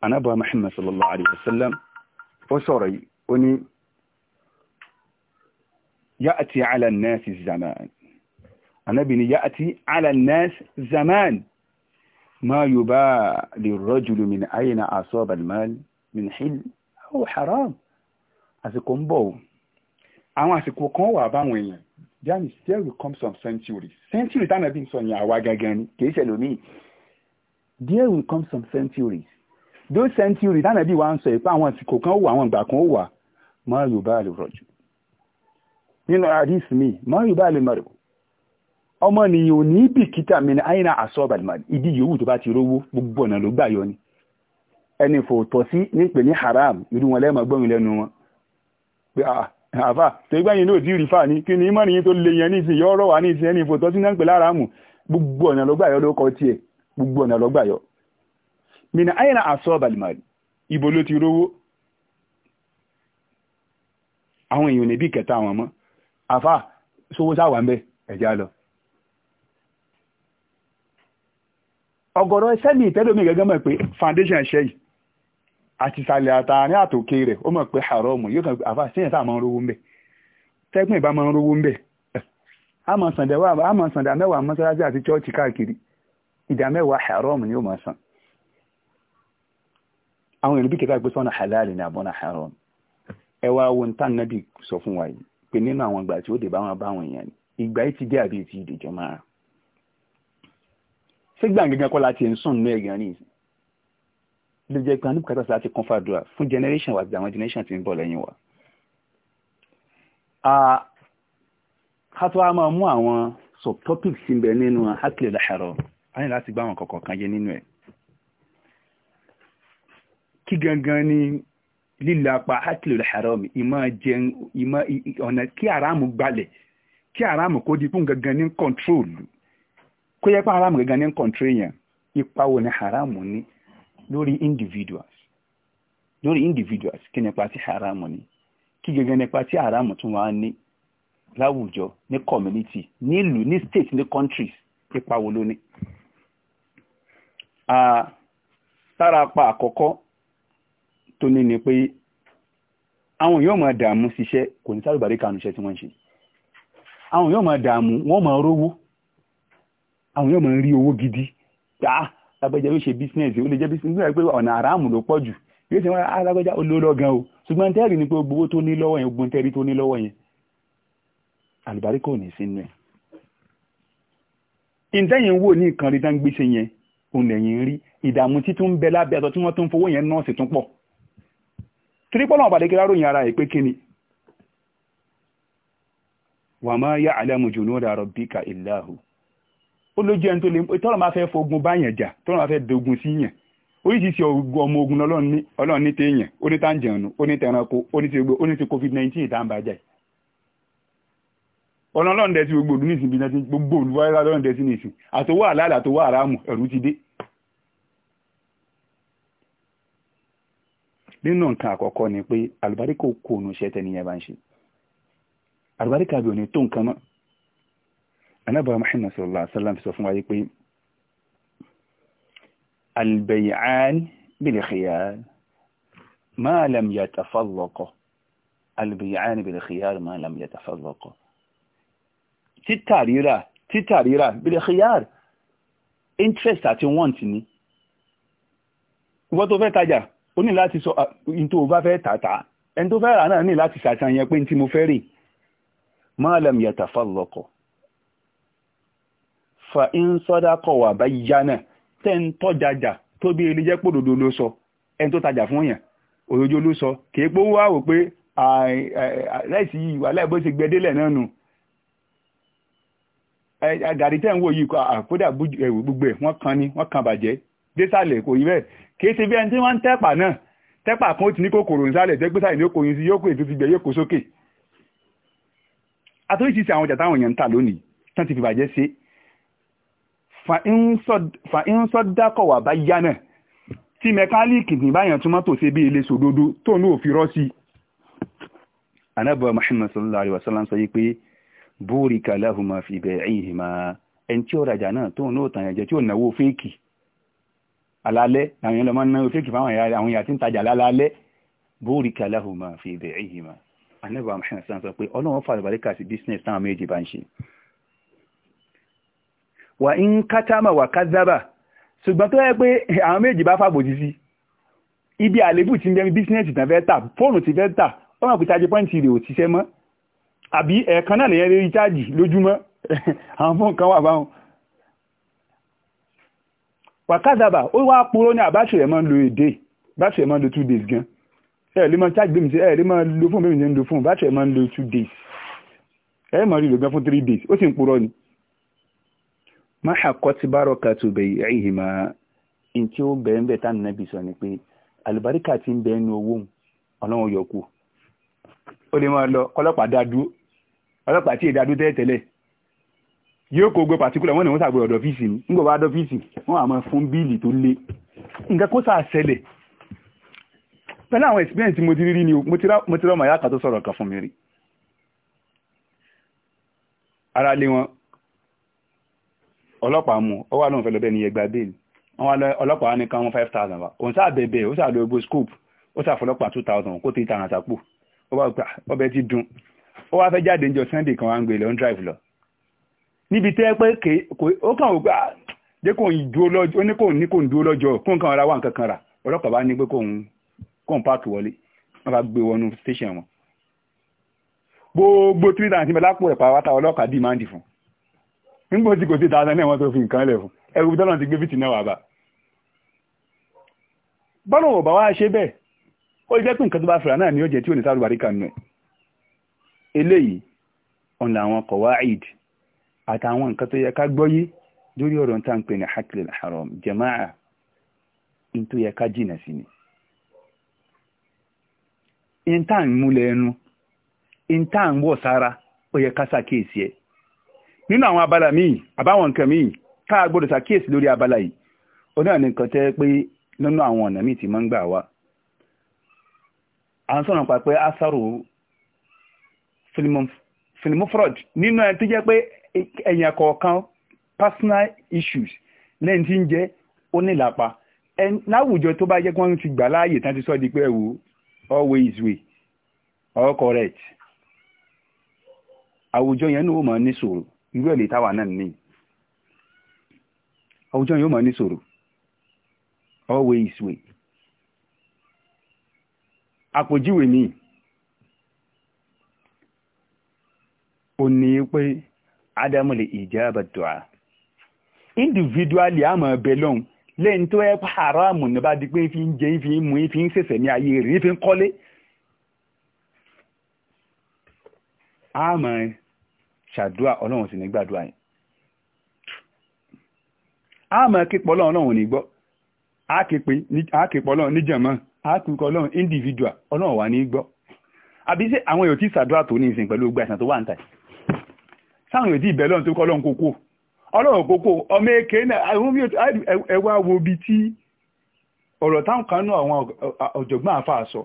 anábọ̀ Muhammad sallallahu alayhi wa sallam ó sọ̀rọ̀ yìí ó ní ya'ti ala an-nasi zaman anábì ni ya'ti ala an-nasi zaman ma yuba lirrajuli min ayna asaba al-mal min hil aw haram àsìkò ń bọ̀ àwọn àsìkò kan wà báwọn èèyàn there is there will come some centuries Centuries tánàbí sọ yẹn àwa gangan ni kì í ṣẹlòmíì there will come some centuries those century tánàbí wa ń sọ ìpá àwọn àsìkò kan wà àwọn ìgbà kan wà mọ́ yorùbá lè rọ̀jù nínú àdìs mi mọ́ yorùbá lè mọ̀rọ̀ ọmọ nìyàn ò ní mi ní àyìnà àsọ́ọ̀bà lè ìdí yòówù tó ti gbogbo ọ̀nà ni ẹni fò si sí haram irú wọn lẹ́mọ̀ ma Pe ti rí fà ní kí ni ìmọ̀ nìyí tó lè yẹn ní ìsìn yọ́ ọ̀rọ̀ wà gbogbo ọ̀nà min aina asọ́ọ̀bà lìmọ̀lì ibo ló ti rówó àwọn èèyàn níbi kẹta àwọn ọmọ àfà sówó sáwà ń bẹ ẹ̀já lọ ọ̀gọ̀rọ̀ foundation ṣe yìí àti ìsàlẹ̀ àtàárín àtòkè rẹ̀ ó pé haramu yóò kàn àfà rówó ń bẹ ìbá máa ń rówó ń bẹ a máa sàndà mẹ́wàá mọ́sálásí àti chọ́ọ̀chì káàkiri ìdá haramu ni ó máa sàn àwọn èèyàn bí kẹta gbé sọ́nà halal ní àbọ̀nà haram ẹ wá wo nta nàbì sọ fún wa yìí pé nínú àwọn ìgbà tí ó dé báwọn báwọn èèyàn ni ìgbà yìí ti dé àbí ti ìdìjọ máa ṣé gbàǹgàngàn kọ́ la ti ń sùn nínú ẹ̀gàn ní ìsìn ló jẹ́ pé anúkàtà sí láti kún fàdúrà fún generation wa àti àwọn generation tí ń bọ̀ lẹ́yìn wa. ká tó wá máa mú àwọn subtopics ń bẹ nínú hakilẹ̀ làhàrọ̀ á ní láti gbá àwọn kọ̀ọ̀kan jẹ nínú ẹ̀ kí gangan ni lílapa akílò haram ìmọ̀ jẹun ìmọ̀ ọ̀nà kí haram gbalẹ̀ kí haram kó di fún gangan ní kọ̀ntrólù kó yẹ pé haram gangan ní kọ̀ntró yẹn ipa wo ni haram ní lórí individuals lórí individuals kí nípa tí haram ní kí gangan nípa tí haram tún wá ní láwùjọ ní community nílùú ní state ní countries ipa wo ló ní. Ah, lára apá àkọ́kọ́ tó ní ni pé àwọn yóò máa dààmú ṣiṣẹ́ kò ní sáré bàrí kanu iṣẹ́ tí wọ́n ń ṣe àwọn yóò máa dààmú wọ́n máa rówó àwọn yóò máa rí owó gidi tá ah, lágbẹ́jẹ́ ló ṣe bísínẹ́sì ó lè jẹ́ bísínẹ́sì nígbà pé ọ̀nà àràmù ló pọ̀ jù yóò ṣe wọ́n alágbẹ́já ah, olóró gan o ṣùgbọ́n tẹ́rì ni pé gbogbo tó ní lọ́wọ́ yẹn gbogbo tẹ́rì tó ní lọ́wọ́ yẹn àlùbáríkà ò ní sínú ẹ̀ ìtẹ́yìn wò ní ìkànnì tán gbèsè yẹn òun lẹ́yìn rí ìdààmú títún bẹ lábẹ́ àtọ́ tí wọ́n tún fowó yẹn nọ́ọ̀sì tún pọ̀ torí pọ́lọ́wọ́n bàdé kí láròyìn ara ẹ̀ pé kí ni wà máa yá ya'lamu junuda rabbika illa hu ó ló jẹ́ tó lè tọ́lọ̀ máa fẹ́ fogun báyẹn jà tọ́lọ̀ máa fẹ́ dogun sí yẹn oríṣiríṣi ọmọ ogun ọlọ́run ní téèyàn ó ní táǹjẹ̀nù ó ní tẹranko ó ní ti gbogbo ó ní ti covid-19 tá à ń bàjẹ́ ọlọ́run dẹ̀ sí gbogbo olú nísìnyí gbogbo olúwa lọ́run dẹ̀ sí àtọwọ́ àlàálà àtọwọ́ àràmù ẹ̀rú ti dé nínú nǹkan àkọ́kọ́ ni pé àlùbáríkà kò nù iṣẹ́ tẹ́ni yẹn bá ń ṣe àlùbáríkà bí ò ní tó nǹkan mọ́ anábàá Muhammad sallallahu alaihi wasallam fi sọ fún wa yí pé albay'an bil khiyar ma lam yatafarraqa albay'an bil khiyar ma lam yatafarraqa títà rírà títà rírà interest àti want ni ìwọ́n tó fẹ́ tajà ó ní láti sọ ah, ní tó bá fẹ́ tàtà ẹni tó fẹ́ rà náà ní láti ṣàtàn yẹn pé ní tí mo fẹ́ rè ma lam yatafarraqa fa in sadaqa wa bayyana tẹ́ ń tọ́jàjà tó bí ilé jẹ́ pòdòdó ló sọ ẹni tó tajà fún yẹn òjòjò ló sọ kìí pé ó wá pé láìsí ìwà láìbó ṣe gbẹdélẹ̀ náà nù gàrí tẹ́ ń wò yìí kódà gbogbo ẹ̀ wọ́n kan ni wọ́n kan bàjẹ́ désàlẹ̀ kò yí bẹ́ẹ̀ kì í ṣe bí ẹni tí wọ́n ń tẹ́pà náà tẹ́pà kan ó ti ní kòkòrò nísàlẹ̀ tẹ́ pé sáyẹn ní ó kòyìn sí yóò kó ètò ti gbẹ yóò kó sókè. àtúnṣe ti àwọn ọjà táwọn èèyàn ń tà lónìí tán ti fi bàjẹ́ ṣe fa ń sọ dákọ̀ wà bá yá náà tí mẹkáníìkì ní báyàn tún mọ́tò ṣe bí ilé sòdodo tóun náà fi rọ́ sí i. anábọ̀ Muhammad sallallahu alayhi wa sallam sọ yìí pé búrìkà lahuma fi bẹ̀ẹ́ ẹ̀yìn hìmá ẹni tí ó rajà náà tóun náà tàn yàn jẹ tí ó náwó fẹ́ẹ̀kì alálẹ́ àwọn èèyàn lọ́mọ náà fẹ́kì fáwọn àwọn èèyàn tí ń tajà lálẹ́ bóòrí kàláhù máa fi ibẹ̀ èyí ma anábà àmàṣán sáà sọ pé ọlọ́run fà àlùbáríkà sí business táwọn méjì bá ń ṣe wà ń kátàmà wà kázábà ṣùgbọ́n tó yẹ pé àwọn méjì bá fàbòjì sí ibi àlébù ti ń bẹ́ẹ̀ business tàn fẹ́ tà fóònù ti fẹ́ tà wọ́n máa pè tájì pọ́ǹtì rè ò ṣiṣẹ́ mọ́ àbí ẹ̀ẹ̀kan náà lè rí chájì lójúmọ́ àwọn fóònù kan wà báwọn wàkàdàbà ó wá purọ́ ní àbáṣe rẹ̀ máa ń lo èdè báṣe rẹ̀ lo two days gan ẹ lè máa charge bẹ́ẹ̀ mi ṣe ẹ lè máa lo fún bẹ́ẹ̀ mi ṣe lo fún báṣe rẹ̀ lo two days ẹ máa rí lo gan fún three days ó sì ń purọ́ ni. máa kọ́ ti bá rọ́ọ̀kà tó bẹ̀ ẹ̀yìn máa n tí ó bẹ̀ ń bẹ̀ tá nínú ẹbí sọ ni pé àlùbáríkà ti ń bẹ ẹnu owó ọlọ́run yọ kú ó lè máa lọ ọlọ́pàá dá yóò kó gbé pàtíkùlà wọ́n ní wọ́n sàgbé ọ̀dọ̀ fíìsì ní nígbà wá dọ́ fíìsì wọ́n àmọ́ fún bíìlì tó lé nǹkan kó sáà ṣẹlẹ̀ pẹ̀lú àwọn experience mo ti rí ni mo ti rá ọmọ ìyá kan tó sọ̀rọ̀ kan fún mi rí ara lé wọn ọlọ́pàá mú ọ wà lóun fẹ́ lọ ni yẹ gba bẹ́ẹ̀lì wọ́n wá lọ ọlọ́pàá ní kan wọn five thousand wa òun sáà bẹ̀bẹ̀ ó sáà lo ebo scope ó sáà fọlọ́pàá two thousand kó tètè àràtàpọ̀ ó wá gbà ọbẹ̀ ti dùn ó wá fẹ́ jáde níjọ́ Sunday kan wá ń gbé lọ ń drive lọ níbi tẹ́ pé ó kàn ó gbà dé kò ní dúró lọ́jọ́ ó ní kò ní kò ní dúró lọ́jọ́ kó nǹkan ara wà nǹkan kan rà ọlọ́pàá bá ní pé kò ń kò ń páàkì wọlé wọ́n bá gbé wọnú station wọn. gbogbo three thousand bẹ́ẹ̀ lápò ẹ̀pà wáta ọlọ́pàá dì máa ń dì fún nígbà tí kò sí thousand náà wọ́n tó fi nǹkan lẹ̀ fún ẹ̀rù bí tọ́lọ́n ti gbé fìtì náà wà bá. bọ́lá ò bá wá ṣe bẹ́ẹ̀ ó jẹ́ pé nǹkan tó bá fìrà náà ni ó jẹ́ tí ò ní sáré baríkà nù ẹ̀ eléyìí ọ̀nà àwọn kọ̀wá ìdí àtàwọn nǹkan tó yẹ ká gbọ́yé lórí ọ̀rọ̀ tá pè ní hakil haram jama'a n tó yẹ ká jìnà sí ni. n tá à ń múlẹ̀ ẹnu n tá à ń wọ̀ sára ó yẹ ká ṣàkíyèsí ẹ̀. nínú àwọn abala míì àbáwọn nǹkan míì ká gbọ́dọ̀ ṣàkíyèsí lórí abala yìí ó náà ní nǹkan tẹ́ pé nínú àwọn ọ̀nà míì tí máa ń gbà wá. à ń sọ̀rọ̀ pa pé asaro filimofrod nínú ẹ tó jẹ́ pé ẹ̀yàn kọ̀ọ̀kan personal issues lẹ́yìn tí ń jẹ́ ó ní ìlàpá láwùjọ tó bá jẹ́ pé wọ́n ti gbà láàyè tán ti sọ di pé ẹ̀wò always way all correct àwùjọ yẹn ní ó mọ̀ ní sòrò irú ẹ̀ lè táwa náà ní àwùjọ yẹn ó mọ̀ ní sòrò always way àpòjíwèé mi ò ní pé. adamu lè ìjábà dùà individually àmọ́ ẹbẹ̀ lọ́hùn lẹ́yìn tó ẹ haramu ní bá di pé fi ń jẹ fi ń mu fi ń ṣẹ̀ṣẹ̀ ní ayé rẹ̀ fi ń kọ́lé àmọ́ ṣàdúà ọlọ́run sì ní gbàdúà yẹn àmọ́ kípọ̀ ọlọ́run ọlọ́run ní gbọ́ àkípọ̀ ọlọ́run níjàmọ́ àkípọ̀ ọlọ́run individual ọlọ́run wà ní gbọ́ àbí ṣé àwọn èèyàn tí ṣàdúà tó ní ìsìn pẹ̀lú gbàṣán tó wà ń tà yìí táwọn èdè ìbẹ̀lọ́n tó kọ́ lọ́n kókó ọlọ́run kókó ọmọ èké ẹwà wo bi tí ọ̀rọ̀ táwọn kan nú àwọn ọ̀jọ̀gbọ́n àfa sọ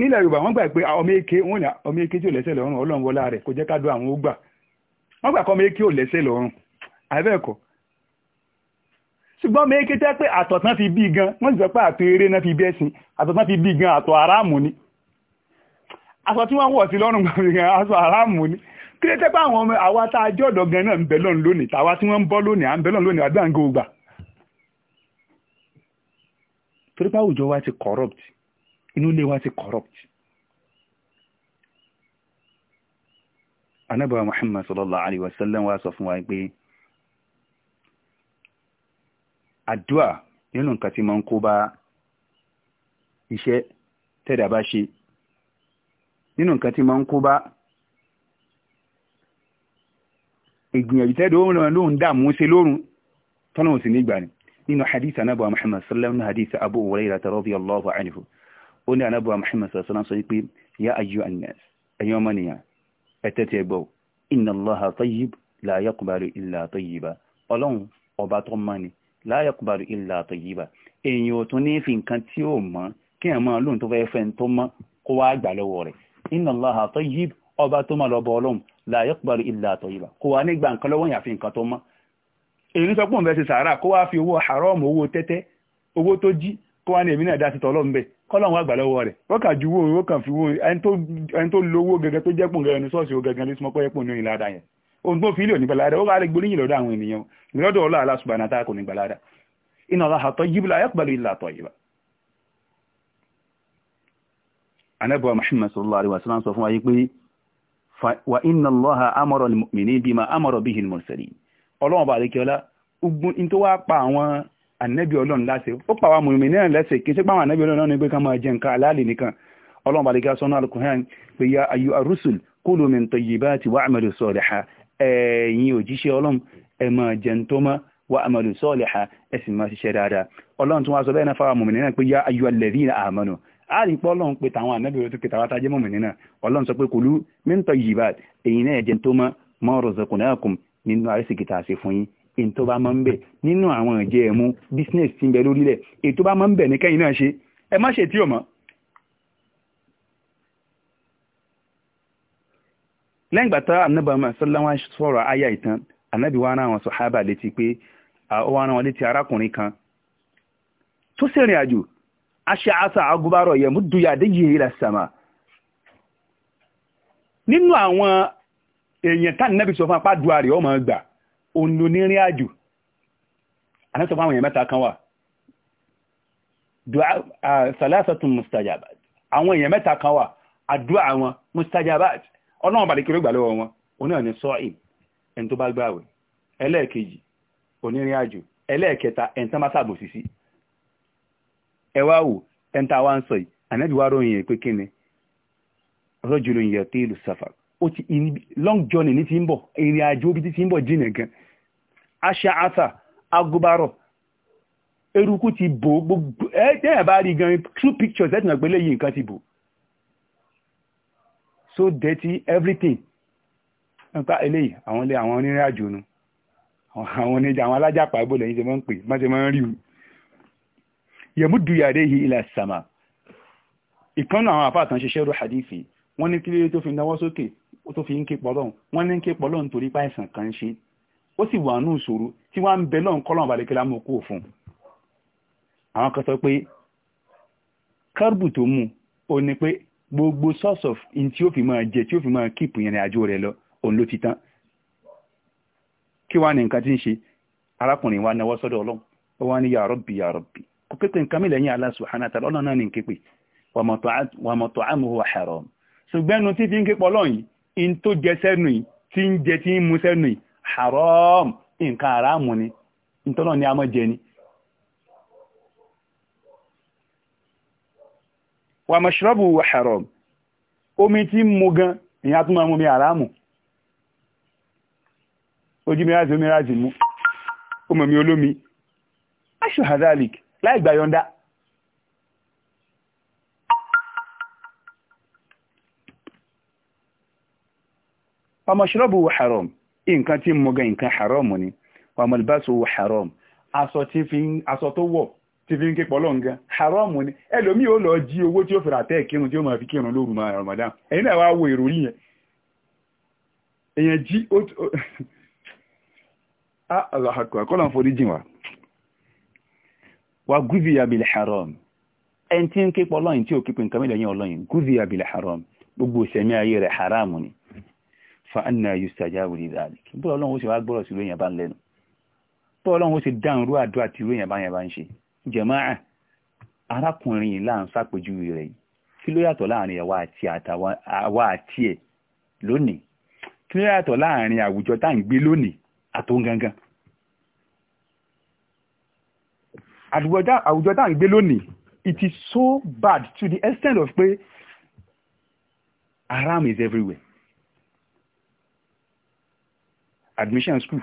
nílẹ̀ yorùbá wọ́n gbà pé ọmọ èké wọ́n ní ọmọ èké tí ò lẹ́sẹ̀ lọ́rùn ọlọ́run wọlá rẹ̀ kò jẹ́ ká do àwọn ó wọ́n gbà ọmọ èké ò lẹ́sẹ̀ lọ́rùn àbẹ́ẹ̀kọ́ ṣùgbọ́n kí ló tẹ́ pé àwọn ọmọ àwa tá a jẹ́ ọ̀dọ́ gan náà ń bẹ lọ́n lónìí tàwa tí wọ́n ń bọ́ lónìí à ń bẹ lọ́n lónìí àdúrà ń gbé gbà. torí pé àwùjọ wa ti corrupt inú ilé wa ti corrupt. anábàá Muhammad sallallahu alayhi wa wa sọ fún wa pé àdúrà nínú nǹkan tí máa ń kó bá iṣẹ́ tẹ̀dá ṣe nínú nǹkan tí máa ń kó bá ìgbìyànjú tẹ́dọ̀ òun lọ́wọ́ lóun dààmú ṣe lórun tọ́lọ́hún sì nígbà ni nínú hadith anábọ̀ muhammad sallallahu alaihi hadith abu hurairah radiyallahu anhu ó ní anábọ̀ muhammad sallallahu alaihi sọ pé ya ayyuhan nas ẹ̀yin ọmọnìyàn ẹ̀tẹ́ tẹ́ gbọ́ inna allaha tayyib la yaqbalu illa tayyiba ọlọ́run ọba tó mọ́ ni la yaqbalu illa tayyiba èèyàn ò tún ní fi nǹkan tí ó mọ́ kí ẹ̀ máa lóun tó fẹ́ fẹ́ tó mọ́ kó wá gbà lọ́wọ́ rẹ̀ inna allaha tayyib ọba tó mọ́ lọ́bọ̀ ọlọ́run la yaqbalu illa tayyiba kò wá nígbà nǹkan lọ́wọ́ yàn fi nǹkan tó mọ́ èyí sọ pé òun fẹ́ ṣe sàárà kó wá fi owó haram owó tẹ́tẹ́ owó tó jí kó wá ní èmi náà dá sí tọ́lọ́ mbẹ́ kọ́lọ́n wà gbà lọ́wọ́ rẹ̀ rọ́kà ju owó rẹ̀ kàn fi wo ẹni tó lówó gẹ́gẹ́ tó jẹ́pọ̀ gẹ́gẹ́ ní ṣọ́ọ̀ṣì gẹ́gẹ́ ní sọmọ́pọ́ yẹ́pọ̀ ní ìlàdà yẹn ohun tó fi ilé òní gbàládà ó wà lè gboríyìn lọ́dọ̀ àwọn ènìyàn lọ́dọ̀ ọlọ́ wa ta'ala sọ fún wa yìí pé wa inna allaha amara al-mu'minina bima amara bihi al-mursalin ọlọ́run bá lékè ọlá ogun in tó wá pa àwọn ànẹ́bí ọlọ́run láṣẹ ó pa àwọn mùmí náà lẹ́sẹ̀ kí n ṣe pé àwọn ànẹ́bí ọlọ́run ní pé ká máa jẹ nǹkan aláàlè nìkan ọlọ́run bá lékè sọ́nà al ya ayu ar-rusul min tayyibati wa'malu salihan ẹ̀yin òjíṣẹ́ ọlọ́run ẹ máa jẹ ń tó máa wa'malu salihan ẹ sì máa ṣiṣẹ́ dáadáa ọlọ́run tún wá sọ bẹ́ẹ̀ náà fáwọn mùmí náà ya ayu alladhina amanu àrípọ̀ ọlọ́run pé tàwọn ànábì rẹ̀ tó pé tàwọn atajẹ́ mọ̀mọ́ nínú ọlọ́run sọ pé kulu min tayyibat èyí náà ẹ̀jẹ̀ tó mọ́ ma razaqnakum nínú àrísìkì tá a ṣe fún yín èyí tó bá máa ń bẹ̀ nínú àwọn ìjẹ́ ẹ̀mú business ti ń bẹ lórílẹ̀ èyí tó bá máa ń bẹ̀ ní kẹ́yìn náà ṣe ẹ má ṣe tí ò mọ́. lẹ́yìn ìgbà tá ànábì sọ́láwá sọ̀rọ̀ àyà tó aṣááṣá agubárọ̀ yẹ̀mú duyàdé yìí ilẹ̀ sàmà nínú àwọn èèyàn tá nẹ́bí sọ fún apá duwa rẹ̀ ọmọ gbà òun onírìn àjò àná sọ fún àwọn èèyàn mẹ́ta kan wà salasatun mustajabat àwọn èèyàn mẹ́ta kan wà àdúrà àwọn mustajabat ọlọ́run bàdé kéré gbà lọ́wọ́ wọn òun náà ní sọ́ọ̀ìn ẹni tó bá gbààwẹ̀ ẹlẹ́ẹ̀kejì onírìn àjò ẹlẹ́ẹ̀kẹta ẹni tán bá ṣàbòsí sí ẹ wá wò ẹni tá a wá ń sọ yìí ànábì wá ròyìn ẹ̀ pé kí ni rọ́jùlọ ìyẹ̀ tí ìlú sàfà ó ti long journey ní ti ń bọ̀ ìrìn àjò bí ti ń bọ̀ jìnà gan aṣa àṣà agobarọ̀ eruku ti bò gbogbo ẹ tẹ́yà bá rí gan true pictures ẹ̀ tí wọ́n gbélé nǹkan ti bò so dirty everything nípa eléyìí àwọn ilé àwọn onírìn àjò nu àwọn oníjà àwọn alájàpá ibò lẹ́yìn tí wọ́n ń pè má ti máa ń rí o yẹmúdù yàdéhì ilà sàmà ìkànnà àwọn àfáà tán ṣiṣẹ́ rú hadithi wọ́n ní kílé tó fi náwọ́ sókè tó fi ń ké pọ̀lọ́n wọ́n ní ń ké pọ̀lọ́n nítorí páìsàn kan ṣe ó sì wà ní ìṣòro tí wọ́n ń bẹ lọ́n kọ́lọ́n balẹ̀kẹ́lá mú kó fún un àwọn kan sọ pé kárùbù tó mú ó ní pé gbogbo source of in tí ó fi máa jẹ tí ó fi máa kíìpù yẹn àjò rẹ̀ lọ òun ló ti tán kí wàá ní nǹkan tí ń ṣe arákùnrin wa náwọ́ sọ́dọ̀ ọlọ́run ó wá ní ya Rabbi ya Rabbi kò pépè nǹkan mi lẹ́yìn Allah subhanahu náà ní képe wa mat'amuhu haram ṣùgbọ́n ẹnu tí fi ń ké pọ̀ lọ́yìn in tó jẹ sẹ́nu yìí tí ń jẹ mu sẹ́nu yìí haram nǹkan àràmù ni ìtọ́nà ni a jẹ ni haram omi tí ń mu gan èyàn tó máa mú mi àràmù ojú mi rázi omi rázi mú ó mi láì gbà yọ̀ǹda ọmọṣọ́rọ̀bù haram nǹkan tí mú gan nǹkan haram ni ọmọlbáṣọ́ haram aṣọ tó wọ̀ tí fi ń ké pọ̀lọ́ǹgá haram ni ẹlòmí ó lọ jí owó tí ó fẹ́ra tẹ́ kírun tí ó máa fi kírun lóru ma Ramadan ẹ̀yin náà wá wo ìròyìn yẹn èèyàn jí ó ah, Allah akbar kọ́lọ̀ forí jìn wá wa gúdìyà bil haram ẹni tí ń ké pọ̀ lọ́yìn tí ò kípe nǹkan mẹ́lẹ̀ yẹn ọlọ́yìn gúdìyà bil haram gbogbo ìṣẹ̀mí ayé rẹ̀ haram ni fa anna yustajabu li dhalik bó ọlọ́run ó sì wá gbọ́rọ̀ sí ìlú èèyàn bá ń lẹ́nu bó ọlọ́run ó sì dáhùn rú àdúrà tí ìlú èèyàn bá yẹn bá ń ṣe jàmáà arákùnrin yìí láà ń ṣàpèjúwe rẹ̀ yìí kí ló yàtọ̀ láàrin àwa àti àwa àti ẹ̀ lónìí kí ló yàtọ̀ láàrin àwùjọ tá à ń gbé lónìí gangan àwùjọ tá à ń gbé lónìí it is so bad to the extent of pé haram is everywhere admission school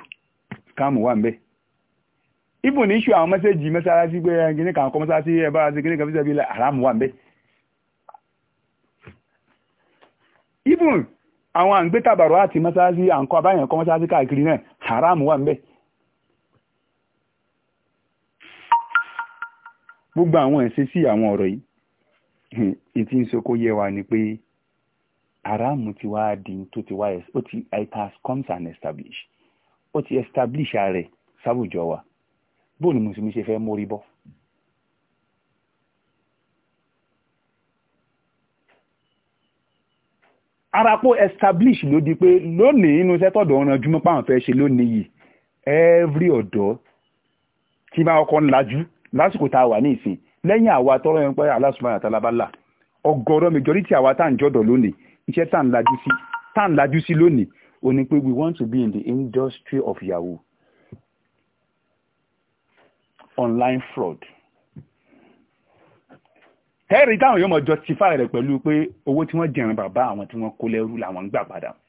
scam wà nbẹ even ní issue àwọn mẹ́sẹ̀gì mẹ́sàlásí pé gíní eh, kan kọ́ mẹ́sàlásí ẹ bá ṣe gíní kan fi ṣẹ́bi haram wà nbẹ even àwọn àǹgbé tàbàrọ̀ àti mẹ́sàlásí à ń kọ́ abáyàn kọ́ mẹ́sàlásí káàkiri náà haram wà nbẹ. gbogbo àwọn ìṣesí àwọn ọ̀rọ̀ yìí ìtí ń sọkó yẹ wa ni pé aráàmù ti wá di tó ti wá ó ti it has comes and established ó ti establish rẹ̀ sáwùjọ wa bóòlù mùsùlùmí ṣe fẹ́ mórí bọ́. arapo establish ló di pé lónìí inú iṣẹ́ tọ̀dọ̀ ọ̀ràn jùmọ̀ páwọn fẹ́ ṣe lónìí yìí every ọ̀dọ́ tí máa kọ́ ń lajú lásìkò tá a wà ní ìsìn lẹ́yìn àwa tọrọ yẹn pé Allah subhanahu wa majority àwa tá à ń jọ̀dọ̀ lónìí iṣẹ́ tá à ń lajú sí tá à ń lajú sí lónìí ó ní pé we want to be in the industry of yahoo online fraud tẹ́rì táwọn yóò mọ̀ justify rẹ̀ pẹ̀lú pé owó tí wọ́n jẹun bàbá àwọn tí wọ́n kó lẹ́rú làwọn ń gbà padà